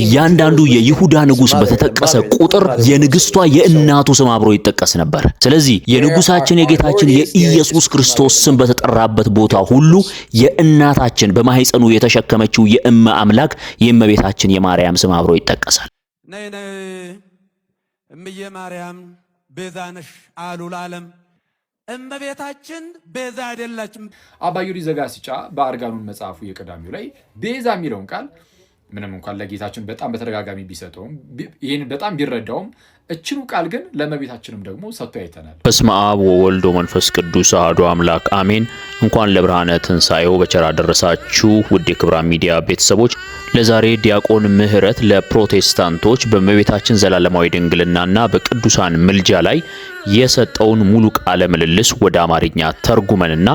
እያንዳንዱ የይሁዳ ንጉስ በተጠቀሰ ቁጥር የንግስቷ የእናቱ ስም አብሮ ይጠቀስ ነበር። ስለዚህ የንጉሳችን የጌታችን የኢየሱስ ክርስቶስ ስም በተጠራበት ቦታ ሁሉ የእናታችን በማኅፀኑ የተሸከመችው የእመ አምላክ የእመቤታችን የማርያም ስም አብሮ ይጠቀሳል። ነይ ነይ ማርያም ቤዛ ነሽ አሉ ለዓለም። እመቤታችን ቤዛ አይደላችም። አባ ዩሪ ዘጋስጫ በአርጋኑን መጽሐፉ የቀዳሚው ላይ ቤዛ የሚለውን ቃል ምንም እንኳን ለጌታችን በጣም በተደጋጋሚ ቢሰጠውም ይህን በጣም ቢረዳውም እችኑ ቃል ግን ለመቤታችንም ደግሞ ሰጥቶ አይተናል። በስመ አብ ወወልድ ወመንፈስ ቅዱስ አሐዱ አምላክ አሜን። እንኳን ለብርሃነ ትንሣኤው በቸራ ደረሳችሁ ውድ የክብራን ሚዲያ ቤተሰቦች። ለዛሬ ዲያቆን ምህረት ለፕሮቴስታንቶች በእመቤታችን ዘላለማዊ ድንግልናና በቅዱሳን ምልጃ ላይ የሰጠውን ሙሉ ቃለ ምልልስ ወደ አማርኛ ተርጉመንና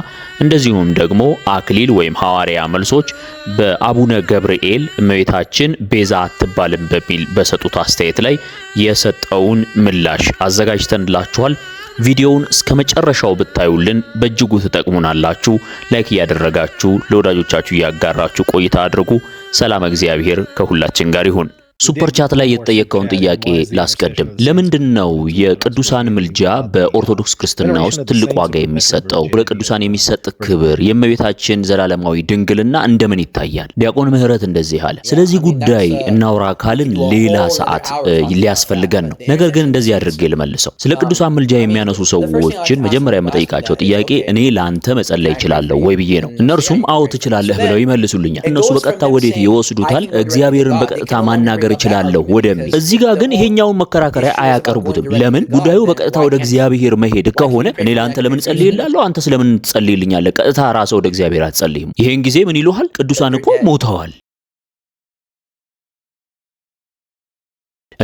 እንደዚሁም ደግሞ አክሊል ወይም ሐዋርያ መልሶች በአቡነ ገብርኤል እመቤታችን ቤዛ አትባልም በሚል በሰጡት አስተያየት ላይ የሰጠውን ምላሽ አዘጋጅተንላችኋል። ቪዲዮውን እስከ መጨረሻው ብታዩልን በእጅጉ ትጠቅሙናላችሁ። ላይክ እያደረጋችሁ ለወዳጆቻችሁ እያጋራችሁ ቆይታ አድርጉ። ሰላም፣ እግዚአብሔር ከሁላችን ጋር ይሁን። ሱፐር ቻት ላይ የተጠየቀውን ጥያቄ ላስቀድም። ለምንድን ነው የቅዱሳን ምልጃ በኦርቶዶክስ ክርስትና ውስጥ ትልቅ ዋጋ የሚሰጠው? ለቅዱሳን የሚሰጥ ክብር፣ የእመቤታችን ዘላለማዊ ድንግልና እንደምን ይታያል? ዲያቆን ምህረት እንደዚህ አለ። ስለዚህ ጉዳይ እናውራ ካልን ሌላ ሰዓት ሊያስፈልገን ነው። ነገር ግን እንደዚህ አድርጌ ልመልሰው። ስለ ቅዱሳን ምልጃ የሚያነሱ ሰዎችን መጀመሪያ የምጠይቃቸው ጥያቄ እኔ ለአንተ መጸለይ እችላለሁ ወይ ብዬ ነው። እነርሱም አዎ ትችላለህ ብለው ይመልሱልኛል። እነሱ በቀጥታ ወዴት ይወስዱታል? እግዚአብሔርን በቀጥታ ማናገር መናገር እችላለሁ ወደሚል። እዚህ ጋር ግን ይሄኛውን መከራከሪያ አያቀርቡትም። ለምን? ጉዳዩ በቀጥታ ወደ እግዚአብሔር መሄድ ከሆነ እኔ ለአንተ ለምን ጸልይላለሁ? አንተ ስለምን ትጸልይልኛለህ? ቀጥታ ራስህ ወደ እግዚአብሔር አትጸልይም። ይሄን ጊዜ ምን ይሉሃል? ቅዱሳን እኮ ሞተዋል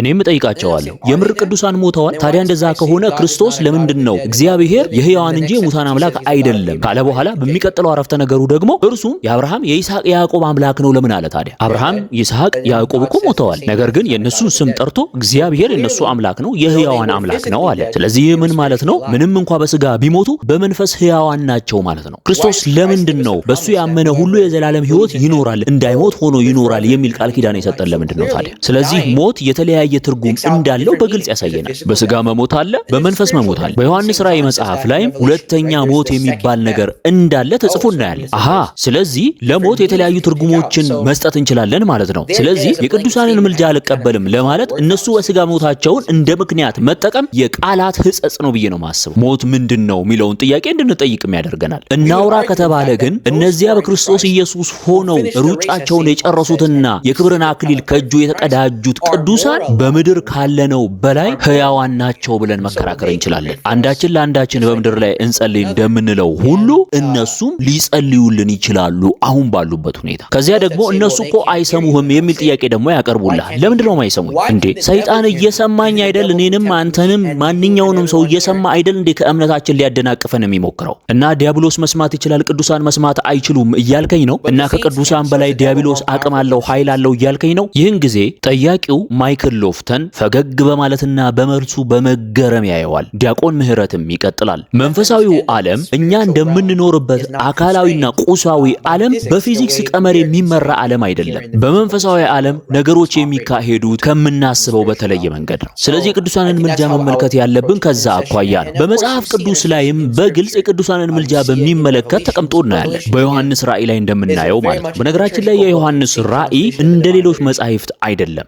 እኔም እጠይቃቸዋለሁ የምር ቅዱሳን ሞተዋል? ታዲያ እንደዛ ከሆነ ክርስቶስ ለምንድን ነው እግዚአብሔር የሕያዋን እንጂ የሙታን አምላክ አይደለም ካለ በኋላ በሚቀጥለው አረፍተ ነገሩ ደግሞ እርሱም የአብርሃም የይስሐቅ የያዕቆብ አምላክ ነው ለምን አለ? ታዲያ አብርሃም ይስሐቅ ያዕቆብ እኮ ሞተዋል፣ ነገር ግን የእነሱን ስም ጠርቶ እግዚአብሔር የእነሱ አምላክ ነው የሕያዋን አምላክ ነው አለ። ስለዚህ ይህ ምን ማለት ነው? ምንም እንኳ በስጋ ቢሞቱ በመንፈስ ሕያዋን ናቸው ማለት ነው። ክርስቶስ ለምንድን ነው በእሱ ያመነ ሁሉ የዘላለም ሕይወት ይኖራል እንዳይሞት ሆኖ ይኖራል የሚል ቃል ኪዳን የሰጠን ለምንድን ነው ታዲያ? ስለዚህ ሞት የተለያየ የተለያየ ትርጉም እንዳለው በግልጽ ያሳየናል። በስጋ መሞት አለ፣ በመንፈስ መሞት አለ። በዮሐንስ ራእይ መጽሐፍ ላይም ሁለተኛ ሞት የሚባል ነገር እንዳለ oh, ተጽፎ እናያለን። አሃ ስለዚህ ለሞት የተለያዩ ትርጉሞችን መስጠት እንችላለን ማለት ነው። ስለዚህ የቅዱሳንን ምልጃ አልቀበልም ለማለት እነሱ በስጋ ሞታቸውን እንደ ምክንያት መጠቀም የቃላት ህጸጽ ነው ብዬ ነው ማስበው። ሞት ምንድን ነው የሚለውን ጥያቄ እንድንጠይቅም ያደርገናል። እናውራ ከተባለ ግን እነዚያ በክርስቶስ ኢየሱስ ሆነው ሩጫቸውን የጨረሱትና የክብርን አክሊል ከእጁ የተቀዳጁት ቅዱሳን በምድር ካለነው በላይ ህያዋን ናቸው ብለን መከራከር እንችላለን። አንዳችን ለአንዳችን በምድር ላይ እንጸልይ እንደምንለው ሁሉ እነሱም ሊጸልዩልን ይችላሉ አሁን ባሉበት ሁኔታ። ከዚያ ደግሞ እነሱ እኮ አይሰሙህም የሚል ጥያቄ ደግሞ ያቀርቡልሃል። ለምንድን ነው አይሰሙ እንዴ? ሰይጣን እየሰማኝ አይደል? እኔንም አንተንም ማንኛውንም ሰው እየሰማ አይደል እንዴ? ከእምነታችን ሊያደናቅፈን የሚሞክረው እና ዲያብሎስ መስማት ይችላል፣ ቅዱሳን መስማት አይችሉም እያልከኝ ነው እና ከቅዱሳን በላይ ዲያብሎስ አቅም አለው ኃይል አለው እያልከኝ ነው። ይህን ጊዜ ጠያቂው ማይክል ሎፍተን ፈገግ በማለትና በመልሱ በመገረም ያየዋል። ዲያቆን ምህረትም ይቀጥላል። መንፈሳዊው ዓለም እኛ እንደምንኖርበት አካላዊና ቁሳዊ ዓለም በፊዚክስ ቀመር የሚመራ ዓለም አይደለም። በመንፈሳዊ ዓለም ነገሮች የሚካሄዱት ከምናስበው በተለየ መንገድ ነው። ስለዚህ የቅዱሳንን ምልጃ መመልከት ያለብን ከዛ አኳያ ነው። በመጽሐፍ ቅዱስ ላይም በግልጽ የቅዱሳንን ምልጃ በሚመለከት ተቀምጦ እናያለን። በዮሐንስ ራእይ ላይ እንደምናየው ማለት ነው። በነገራችን ላይ የዮሐንስ ራእይ እንደ ሌሎች መጻሕፍት አይደለም።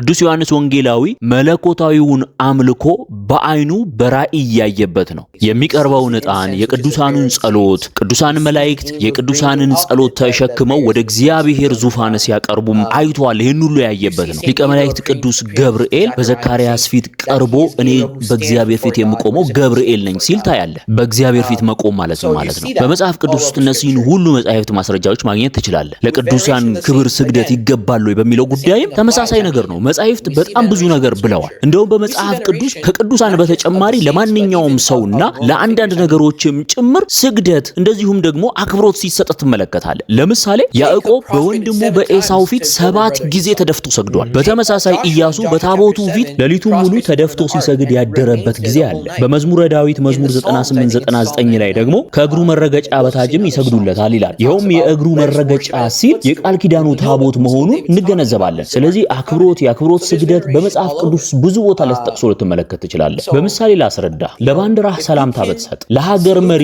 ቅዱስ ዮሐንስ ወንጌላዊ መለኮታዊውን አምልኮ በአይኑ በራእይ ያየበት ነው። የሚቀርበውን ዕጣን፣ የቅዱሳኑን ጸሎት፣ ቅዱሳን መላእክት የቅዱሳንን ጸሎት ተሸክመው ወደ እግዚአብሔር ዙፋን ሲያቀርቡም አይቷል። ይህን ሁሉ ያየበት ነው። ሊቀ መላእክት ቅዱስ ገብርኤል በዘካርያስ ፊት ቀርቦ እኔ በእግዚአብሔር ፊት የምቆመው ገብርኤል ነኝ ሲል ታያለ። በእግዚአብሔር ፊት መቆም ማለት ነው ማለት ነው። በመጽሐፍ ቅዱስ ውስጥ እነዚህን ሁሉ መጻሕፍት ማስረጃዎች ማግኘት ትችላለህ። ለቅዱሳን ክብር ስግደት ይገባል ወይ በሚለው ጉዳይም ተመሳሳይ ነገር ነው። መጻሕፍት በጣም ብዙ ነገር ብለዋል። እንደውም በመጽሐፍ ቅዱስ ከቅዱሳን በተጨማሪ ለማንኛውም ሰውና ለአንዳንድ ነገሮችም ጭምር ስግደት እንደዚሁም ደግሞ አክብሮት ሲሰጥ ትመለከታለን። ለምሳሌ ያዕቆብ በወንድሙ በኤሳው ፊት ሰባት ጊዜ ተደፍቶ ሰግዷል። በተመሳሳይ ኢያሱ በታቦቱ ፊት ለሊቱ ሙሉ ተደፍቶ ሲሰግድ ያደረበት ጊዜ አለ። በመዝሙረ ዳዊት መዝሙር 9899 ላይ ደግሞ ከእግሩ መረገጫ በታችም ይሰግዱለታል ይላል። ይኸውም የእግሩ መረገጫ ሲል የቃል ኪዳኑ ታቦት መሆኑን እንገነዘባለን። ስለዚህ አክብሮት የአክብሮት ስግደት በመጽሐፍ ቅዱስ ብዙ ቦታ ላይ ተጠቅሶ ልትመለከት ትችላለህ። በምሳሌ ላስረዳ። ለባንዲራህ ሰላምታ ብትሰጥ፣ ለሀገር መሪ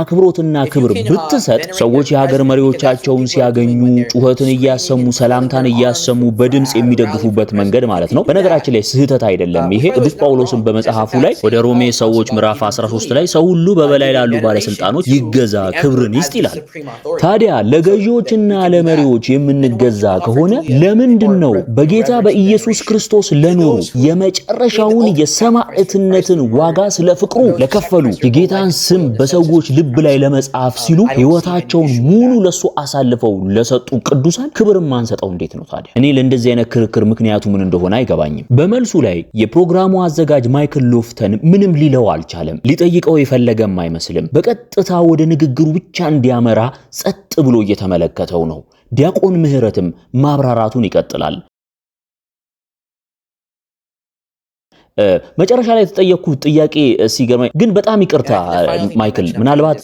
አክብሮትና ክብር ብትሰጥ፣ ሰዎች የሀገር መሪዎቻቸውን ሲያገኙ ጩኸትን እያሰሙ ሰላምታን እያሰሙ በድምፅ የሚደግፉበት መንገድ ማለት ነው። በነገራችን ላይ ስህተት አይደለም። ይሄ ቅዱስ ጳውሎስን በመጽሐፉ ላይ ወደ ሮሜ ሰዎች ምዕራፍ 13 ላይ ሰው ሁሉ በበላይ ላሉ ባለስልጣኖች ይገዛ ክብርን ይስጥ ይላል። ታዲያ ለገዢዎችና ለመሪዎች የምንገዛ ከሆነ ለምንድን ነው በጌታ በኢ በኢየሱስ ክርስቶስ ለኖሩ የመጨረሻውን የሰማዕትነትን ዋጋ ስለ ፍቅሩ ለከፈሉ የጌታን ስም በሰዎች ልብ ላይ ለመጻፍ ሲሉ ሕይወታቸውን ሙሉ ለእሱ አሳልፈው ለሰጡ ቅዱሳን ክብር ማንሰጠው እንዴት ነው ታዲያ? እኔ ለእንደዚህ አይነት ክርክር ምክንያቱ ምን እንደሆነ አይገባኝም። በመልሱ ላይ የፕሮግራሙ አዘጋጅ ማይክል ሎፍተን ምንም ሊለው አልቻለም። ሊጠይቀው የፈለገም አይመስልም። በቀጥታ ወደ ንግግሩ ብቻ እንዲያመራ ጸጥ ብሎ እየተመለከተው ነው። ዲያቆን ምህረትም ማብራራቱን ይቀጥላል። መጨረሻ ላይ የተጠየቅኩት ጥያቄ ሲገርመኝ ግን በጣም ይቅርታ ማይክል፣ ምናልባት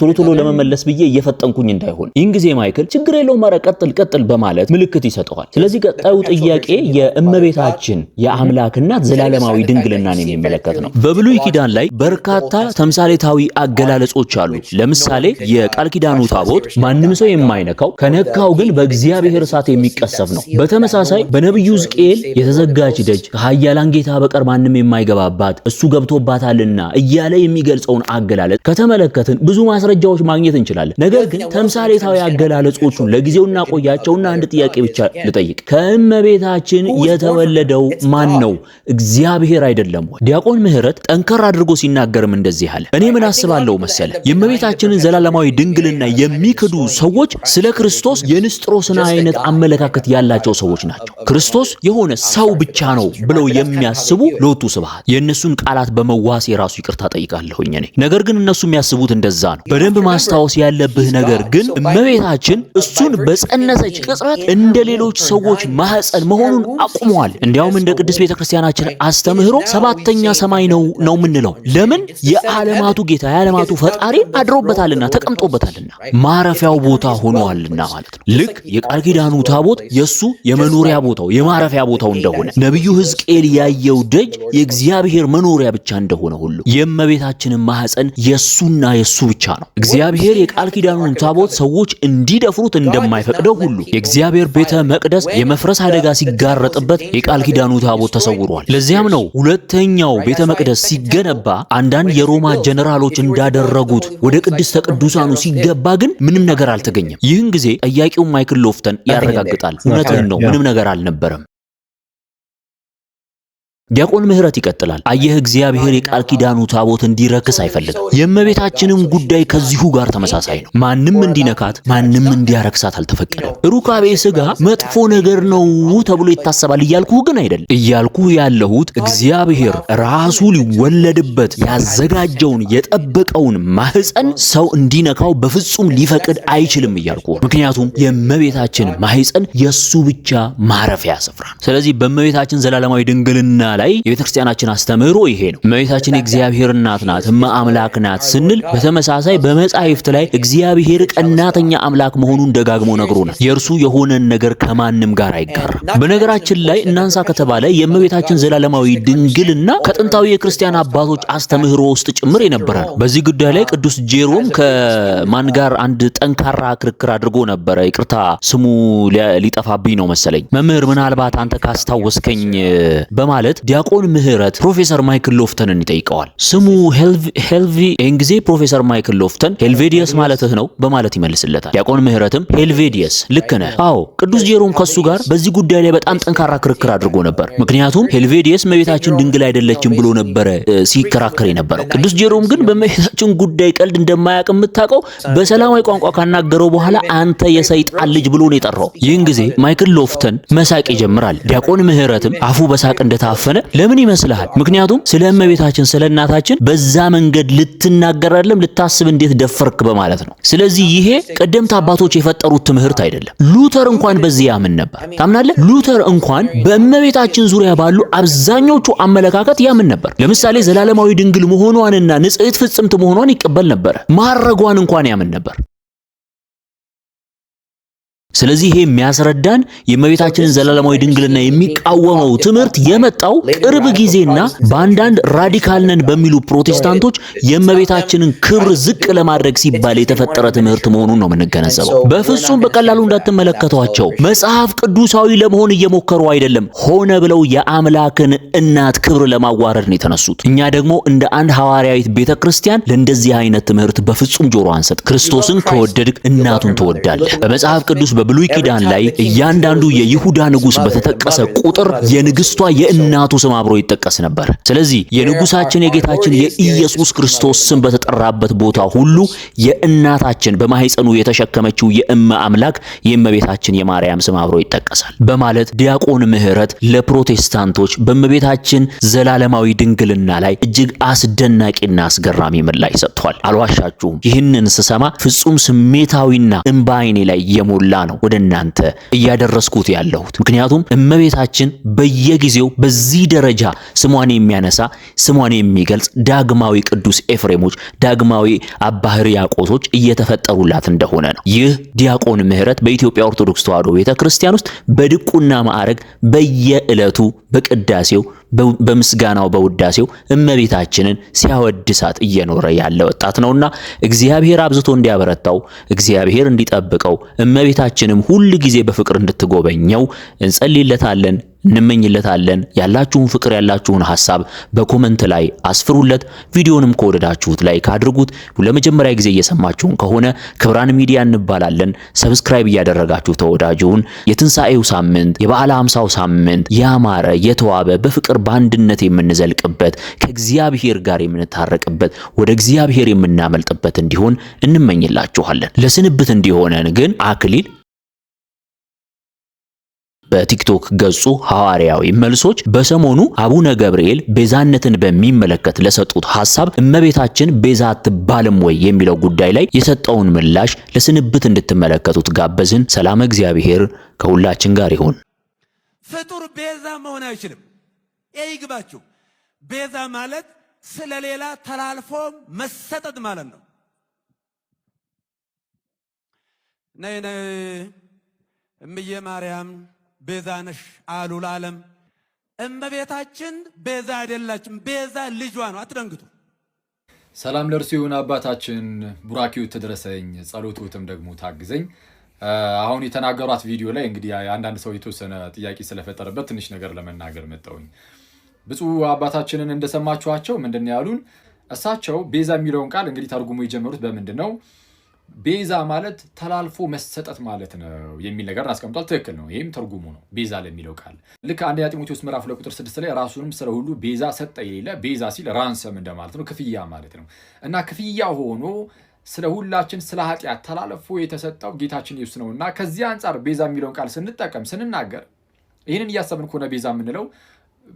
ቶሎ ቶሎ ለመመለስ ብዬ እየፈጠንኩኝ እንዳይሆን ይህን ጊዜ ማይክል ችግር የለውም ኧረ ቀጥል ቀጥል በማለት ምልክት ይሰጠዋል። ስለዚህ ቀጣዩ ጥያቄ የእመቤታችን የአምላክ እናት ዘላለማዊ ድንግልናን የሚመለከት ነው። በብሉይ ኪዳን ላይ በርካታ ተምሳሌታዊ አገላለጾች አሉ። ለምሳሌ የቃል ኪዳኑ ታቦት ማንም ሰው የማይነካው ከነካው ግን በእግዚአብሔር እሳት የሚቀሰፍ ነው። በተመሳሳይ በነቢዩ ዝቅኤል የተዘጋች ደጅ ከኃያላን ጌታ በስተቀር ማንም የማይገባባት እሱ ገብቶባታልና እያለ የሚገልጸውን አገላለጽ ከተመለከትን ብዙ ማስረጃዎች ማግኘት እንችላለን። ነገር ግን ተምሳሌታዊ አገላለጾቹን ለጊዜው እናቆያቸውና አንድ ጥያቄ ብቻ ልጠይቅ። ከእመቤታችን የተወለደው ማን ነው? እግዚአብሔር አይደለም ዲያቆን ምህረት ጠንከር አድርጎ ሲናገርም እንደዚህ አለ። እኔ ምን አስባለሁ መሰለ የእመቤታችንን ዘላለማዊ ድንግልና የሚክዱ ሰዎች ስለ ክርስቶስ የንስጥሮስን አይነት አመለካከት ያላቸው ሰዎች ናቸው። ክርስቶስ የሆነ ሰው ብቻ ነው ብለው የሚያስቡ ሎቱ ስባት የእነሱን ቃላት በመዋስ የራሱ ይቅርታ ጠይቃለሁኝ እኔ። ነገር ግን እነሱ የሚያስቡት እንደዛ ነው። በደንብ ማስታወስ ያለብህ ነገር ግን እመቤታችን እሱን በጸነሰች ቅጽበት እንደ ሌሎች ሰዎች ማህፀን መሆኑን አቁመዋል። እንዲያውም እንደ ቅድስት ቤተ ክርስቲያናችን አስተምህሮ ሰባተኛ ሰማይ ነው ነው የምንለው። ለምን የዓለማቱ ጌታ የዓለማቱ ፈጣሪ አድሮበታልና ተቀምጦበታልና ማረፊያው ቦታ ሆነዋልና ማለት ነው። ልክ የቃል ኪዳኑ ታቦት የእሱ የመኖሪያ ቦታው የማረፊያ ቦታው እንደሆነ ነቢዩ ሕዝቅኤል ያየው ደጅ የእግዚአብሔር መኖሪያ ብቻ እንደሆነ ሁሉ የእመቤታችንን ማህፀን የእሱና የእሱ ብቻ ነው። እግዚአብሔር የቃል ኪዳኑን ታቦት ሰዎች እንዲደፍሩት እንደማይፈቅደው ሁሉ የእግዚአብሔር ቤተ መቅደስ የመፍረስ አደጋ ሲጋረጥበት የቃል ኪዳኑ ታቦት ተሰውሯል። ለዚያም ነው ሁለተኛው ቤተ መቅደስ ሲገነባ አንዳንድ የሮማ ጀነራሎች እንዳደረጉት ወደ ቅድስተ ቅዱሳኑ ሲገባ ግን ምንም ነገር አልተገኘም። ይህን ጊዜ ጠያቂው ማይክል ሎፍተን ያረጋግጣል። እውነትን ነው፣ ምንም ነገር አልነበረም። ዲያቆን ምህረት ይቀጥላል። አየህ እግዚአብሔር የቃል ኪዳኑ ታቦት እንዲረክስ አይፈልግም። የእመቤታችንም ጉዳይ ከዚሁ ጋር ተመሳሳይ ነው። ማንም እንዲነካት፣ ማንም እንዲያረክሳት አልተፈቀደም። ሩካቤ ስጋ መጥፎ ነገር ነው ተብሎ ይታሰባል እያልኩ ግን አይደለም። እያልኩ ያለሁት እግዚአብሔር ራሱ ሊወለድበት ያዘጋጀውን የጠበቀውን ማህፀን ሰው እንዲነካው በፍጹም ሊፈቅድ አይችልም እያልኩ ምክንያቱም የእመቤታችን ማህፀን የእሱ ብቻ ማረፊያ ስፍራ። ስለዚህ በእመቤታችን ዘላለማዊ ድንግልና ላይ የቤተክርስቲያናችን አስተምህሮ ይሄ ነው። እመቤታችን የእግዚአብሔር እናት ናት፣ እመ አምላክ ናት ስንል በተመሳሳይ በመጻሕፍት ላይ እግዚአብሔር ቀናተኛ አምላክ መሆኑን ደጋግሞ ነግሮናል። የእርሱ የሆነን ነገር ከማንም ጋር አይጋራም። በነገራችን ላይ እናንሳ ከተባለ የእመቤታችን ዘላለማዊ ድንግልና ከጥንታዊ የክርስቲያን አባቶች አስተምህሮ ውስጥ ጭምር የነበረ ነው። በዚህ ጉዳይ ላይ ቅዱስ ጄሮም ከማን ጋር አንድ ጠንካራ ክርክር አድርጎ ነበረ። ይቅርታ ስሙ ሊጠፋብኝ ነው መሰለኝ። መምህር ምናልባት አንተ ካስታወስከኝ በማለት ዲያቆን ምህረት ፕሮፌሰር ማይክል ሎፍተንን ይጠይቀዋል። ስሙ ሄልቪ ይህን ጊዜ ፕሮፌሰር ማይክል ሎፍተን ሄልቬዲየስ ማለትህ ነው በማለት ይመልስለታል። ዲያቆን ምህረትም ሄልቬዲየስ ልክ ነህ፣ አዎ ቅዱስ ጄሮም ከሱ ጋር በዚህ ጉዳይ ላይ በጣም ጠንካራ ክርክር አድርጎ ነበር። ምክንያቱም ሄልቬዲየስ መቤታችን ድንግል አይደለችም ብሎ ነበረ ሲከራከር የነበረው። ቅዱስ ጄሮም ግን በመቤታችን ጉዳይ ቀልድ እንደማያውቅ የምታውቀው በሰላማዊ ቋንቋ ካናገረው በኋላ አንተ የሰይጣን ልጅ ብሎ ነው የጠራው። ይህን ጊዜ ማይክል ሎፍተን መሳቅ ይጀምራል። ዲያቆን ምህረትም አፉ በሳቅ እንደታፈነ አለ። ለምን ይመስልሃል? ምክንያቱም ስለ እመቤታችን ስለ እናታችን በዛ መንገድ ልትናገራለም ልታስብ እንዴት ደፈርክ በማለት ነው። ስለዚህ ይሄ ቀደምት አባቶች የፈጠሩት ትምህርት አይደለም። ሉተር እንኳን በዚህ ያምን ነበር። ታምናለህ? ሉተር እንኳን በእመቤታችን ዙሪያ ባሉ አብዛኞቹ አመለካከት ያምን ነበር። ለምሳሌ ዘላለማዊ ድንግል መሆኗንና ንጽሕት ፍጽምት መሆኗን ይቀበል ነበር። ማረጓን እንኳን ያምን ነበር። ስለዚህ ይሄ የሚያስረዳን የእመቤታችንን ዘላለማዊ ድንግልና የሚቃወመው ትምህርት የመጣው ቅርብ ጊዜና በአንዳንድ ራዲካል ነን በሚሉ ፕሮቴስታንቶች የእመቤታችንን ክብር ዝቅ ለማድረግ ሲባል የተፈጠረ ትምህርት መሆኑን ነው የምንገነዘበው። በፍጹም በቀላሉ እንዳትመለከቷቸው፣ መጽሐፍ ቅዱሳዊ ለመሆን እየሞከሩ አይደለም። ሆነ ብለው የአምላክን እናት ክብር ለማዋረድ ነው የተነሱት። እኛ ደግሞ እንደ አንድ ሐዋርያዊት ቤተ ክርስቲያን ለእንደዚህ አይነት ትምህርት በፍጹም ጆሮ አንሰጥ። ክርስቶስን ከወደድክ እናቱን ትወዳለህ። በመጽሐፍ ቅዱስ በብሉይ ኪዳን ላይ እያንዳንዱ የይሁዳ ንጉስ በተጠቀሰ ቁጥር የንግስቷ የእናቱ ስም አብሮ ይጠቀስ ነበር። ስለዚህ የንጉሳችን የጌታችን የኢየሱስ ክርስቶስ ስም በተጠራበት ቦታ ሁሉ የእናታችን በማህፀኑ የተሸከመችው የእመ አምላክ የእመቤታችን የማርያም ስም አብሮ ይጠቀሳል በማለት ዲያቆን ምህረት ለፕሮቴስታንቶች በእመቤታችን ዘላለማዊ ድንግልና ላይ እጅግ አስደናቂና አስገራሚ ምላሽ ሰጥቷል። አልዋሻችሁም፣ ይህንን ስሰማ ፍጹም ስሜታዊና እምባ ዓይኔ ላይ የሞላ ነው። ወደ እናንተ እያደረስኩት ያለሁት። ምክንያቱም እመቤታችን በየጊዜው በዚህ ደረጃ ስሟን የሚያነሳ ስሟን የሚገልጽ ዳግማዊ ቅዱስ ኤፍሬሞች፣ ዳግማዊ አባ ሕርያቆሶች እየተፈጠሩላት እንደሆነ ነው። ይህ ዲያቆን ምህረት በኢትዮጵያ ኦርቶዶክስ ተዋሕዶ ቤተ ክርስቲያን ውስጥ በድቁና ማዕረግ በየዕለቱ በቅዳሴው በምስጋናው በውዳሴው እመቤታችንን ሲያወድሳት እየኖረ ያለ ወጣት ነውና እግዚአብሔር አብዝቶ እንዲያበረታው እግዚአብሔር እንዲጠብቀው እመቤታችንም ሁል ጊዜ በፍቅር እንድትጎበኘው እንጸልይለታለን። እንመኝለታለን። ያላችሁን ፍቅር፣ ያላችሁን ሀሳብ በኮመንት ላይ አስፍሩለት። ቪዲዮንም ከወደዳችሁት ላይክ አድርጉት። ለመጀመሪያ ጊዜ እየሰማችሁን ከሆነ ክብራን ሚዲያ እንባላለን። ሰብስክራይብ እያደረጋችሁ ተወዳጁን የትንሣኤው ሳምንት የበዓለ ሃምሳው ሳምንት ያማረ የተዋበ በፍቅር በአንድነት የምንዘልቅበት ከእግዚአብሔር ጋር የምንታረቅበት ወደ እግዚአብሔር የምናመልጥበት እንዲሆን እንመኝላችኋለን። ለስንብት እንዲሆነን ግን አክሊል በቲክቶክ ገጹ ሐዋርያዊ መልሶች በሰሞኑ አቡነ ገብርኤል ቤዛነትን በሚመለከት ለሰጡት ሐሳብ እመቤታችን ቤዛ አትባልም ወይ የሚለው ጉዳይ ላይ የሰጠውን ምላሽ ለስንብት እንድትመለከቱት ጋበዝን። ሰላም እግዚአብሔር ከሁላችን ጋር ይሁን። ፍጡር ቤዛ መሆን አይችልም። ይግባችሁ። ቤዛ ማለት ስለሌላ ተላልፎ መሰጠት ማለት ነው። ነይ ነይ እምዬ ማርያም ቤዛነሽ አሉ ለዓለም። እመቤታችን ቤዛ አይደላችም፣ ቤዛ ልጇ ነው። አትደንግጡ። ሰላም ለእርሱ ይሁን አባታችን። ቡራኪው ትድረሰኝ፣ ጸሎትዎትም ደግሞ ታግዘኝ። አሁን የተናገሯት ቪዲዮ ላይ እንግዲህ አንዳንድ ሰው የተወሰነ ጥያቄ ስለፈጠረበት ትንሽ ነገር ለመናገር መጣውኝ። ብፁዕ አባታችንን እንደሰማችኋቸው ምንድን ያሉን? እሳቸው ቤዛ የሚለውን ቃል እንግዲህ ተርጉሞ የጀመሩት በምንድን ነው ቤዛ ማለት ተላልፎ መሰጠት ማለት ነው የሚል ነገር አስቀምጧል። ትክክል ነው። ይህም ትርጉሙ ነው ቤዛ ለሚለው ቃል ልክ አንደኛ ጢሞቴዎስ ምዕራፍ ሁለት ቁጥር ስድስት ላይ ራሱንም ስለ ሁሉ ቤዛ ሰጠ የሌለ ቤዛ ሲል ራንሰም እንደማለት ነው፣ ክፍያ ማለት ነው እና ክፍያ ሆኖ ስለ ሁላችን ስለ ኃጢአት ተላልፎ የተሰጠው ጌታችን ኢየሱስ ነው እና ከዚህ አንጻር ቤዛ የሚለውን ቃል ስንጠቀም ስንናገር ይህንን እያሰብን ከሆነ ቤዛ የምንለው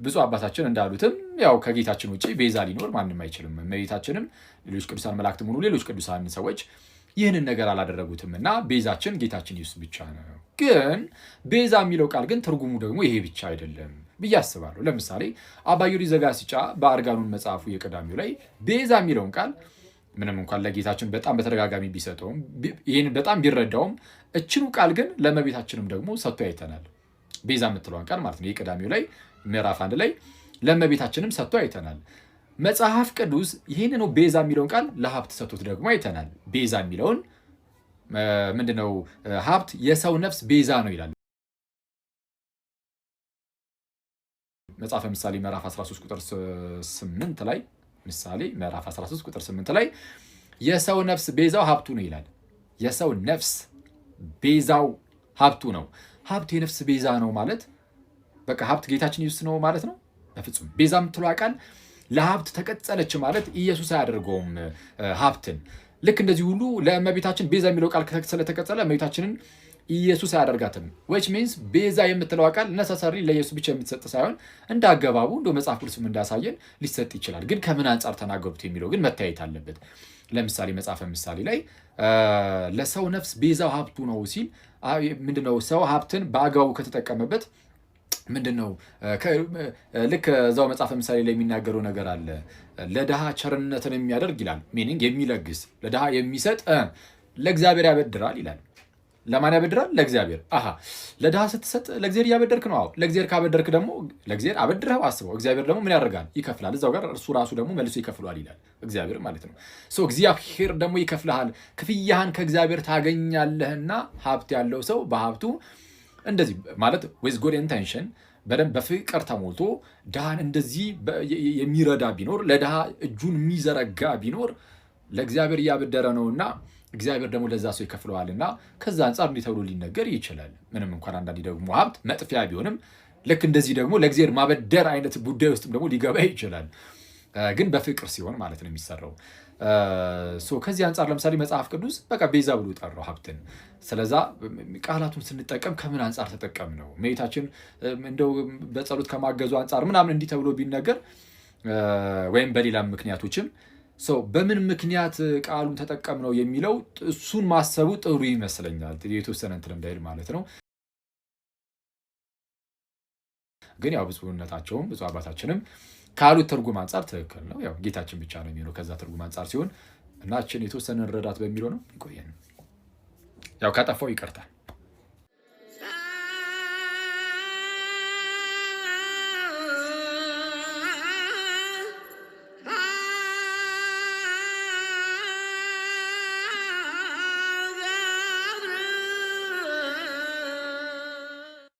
ብፁዕ አባታችን እንዳሉትም ያው ከጌታችን ውጭ ቤዛ ሊኖር ማንም አይችልም። እመቤታችንም ሌሎች ቅዱሳን መላእክትም ሆኑ ሌሎች ቅዱሳን ሰዎች ይህንን ነገር አላደረጉትም እና ቤዛችን ጌታችን ኢየሱስ ብቻ ነው። ግን ቤዛ የሚለው ቃል ግን ትርጉሙ ደግሞ ይሄ ብቻ አይደለም ብዬ አስባለሁ። ለምሳሌ አባ ዩሪ ዘጋስጫ በአርጋኑን መጽሐፉ የቀዳሚው ላይ ቤዛ የሚለውን ቃል ምንም እንኳን ለጌታችን በጣም በተደጋጋሚ ቢሰጠውም ይህን በጣም ቢረዳውም እችኑ ቃል ግን ለመቤታችንም ደግሞ ሰጥቶ አይተናል። ቤዛ የምትለዋን ቃል ማለት ነው። የቀዳሚው ላይ ምዕራፍ አንድ ላይ ለመቤታችንም ሰጥቶ አይተናል። መጽሐፍ ቅዱስ ይህንኑ ቤዛ የሚለውን ቃል ለሀብት ሰጥቶት ደግሞ አይተናል። ቤዛ የሚለውን ምንድነው? ሀብት የሰው ነፍስ ቤዛ ነው ይላል መጽሐፈ ምሳሌ ምዕራፍ 13 ቁጥር 8 ላይ ምሳሌ ምዕራፍ 13 ቁጥር 8 ላይ የሰው ነፍስ ቤዛው ሀብቱ ነው ይላል። የሰው ነፍስ ቤዛው ሀብቱ ነው። ሀብት የነፍስ ቤዛ ነው ማለት በቃ ሀብት ጌታችን ኢየሱስ ነው ማለት ነው? በፍጹም ቤዛ የምትለዋ ቃል ለሀብት ተቀጸለች ማለት ኢየሱስ አያደርገውም ሀብትን። ልክ እንደዚህ ሁሉ ለእመቤታችን ቤዛ የሚለው ቃል ስለተቀጸለ እመቤታችንን ኢየሱስ አያደርጋትም። ዊች ሚንስ ቤዛ የምትለው ቃል ነሰሰሪ ለኢየሱስ ብቻ የምትሰጥ ሳይሆን እንደ አገባቡ እንደ መጽሐፍ ቅዱስም እንዳሳየን ሊሰጥ ይችላል። ግን ከምን አንጻር ተናገሩት የሚለው ግን መታየት አለበት። ለምሳሌ መጽሐፈ ምሳሌ ላይ ለሰው ነፍስ ቤዛው ሀብቱ ነው ሲል ምንድነው ሰው ሀብትን በአግባቡ ከተጠቀመበት ምንድን ነው ልክ እዛው መጽሐፈ ምሳሌ ላይ የሚናገረው ነገር አለ። ለድሃ ቸርነትን የሚያደርግ ይላል፣ ሚኒንግ የሚለግስ ለድሃ የሚሰጥ ለእግዚአብሔር ያበድራል ይላል። ለማን ያበድራል? ለእግዚአብሔር። አሃ ለድሃ ስትሰጥ ለእግዚአብሔር እያበደርክ ነው። አዎ ለእግዚአብሔር ካበደርክ ደግሞ ለእግዚአብሔር አበድረው አስበው፣ እግዚአብሔር ደግሞ ምን ያደርጋል? ይከፍላል። እዛው ጋር እርሱ ራሱ ደግሞ መልሶ ይከፍሏል ይላል፣ እግዚአብሔር ማለት ነው። እግዚአብሔር ደግሞ ይከፍልሃል፣ ክፍያህን ከእግዚአብሔር ታገኛለህና ሀብት ያለው ሰው በሀብቱ እንደዚህ ማለት ዊዝ ጉድ ኢንቴንሽን በደንብ በፍቅር ተሞልቶ ድሃን እንደዚህ የሚረዳ ቢኖር ለድሃ እጁን የሚዘረጋ ቢኖር ለእግዚአብሔር እያበደረ ነውና እግዚአብሔር ደግሞ ለዛ ሰው ይከፍለዋልና ከዛ አንጻር እንዲህ ተብሎ ሊነገር ይችላል። ምንም እንኳን አንዳንዴ ደግሞ ሀብት መጥፊያ ቢሆንም ልክ እንደዚህ ደግሞ ለእግዚአብሔር ማበደር አይነት ጉዳይ ውስጥም ደግሞ ሊገባ ይችላል። ግን በፍቅር ሲሆን ማለት ነው የሚሰራው። ከዚህ አንጻር ለምሳሌ መጽሐፍ ቅዱስ በቃ ቤዛ ብሎ ጠራው ሀብትን። ስለዛ ቃላቱን ስንጠቀም ከምን አንጻር ተጠቀም ነው መቤታችን እንደው በጸሎት ከማገዙ አንጻር ምናምን እንዲህ ተብሎ ቢነገር ወይም በሌላ ምክንያቶችም ሰው በምን ምክንያት ቃሉን ተጠቀም ነው የሚለው እሱን ማሰቡ ጥሩ ይመስለኛል። የተወሰነ እንትን እንዳይል ማለት ነው። ግን ያው ብፁዕነታቸውም ብፁዕ አባታችንም ካሉት ትርጉም አንጻር ትክክል ነው። ያው ጌታችን ብቻ ነው የሚለው ከዛ ትርጉም አንጻር ሲሆን እናችን የተወሰነ ረዳት በሚለው ነው። ይቆየን። ያው ካጠፋው ይቀርታል።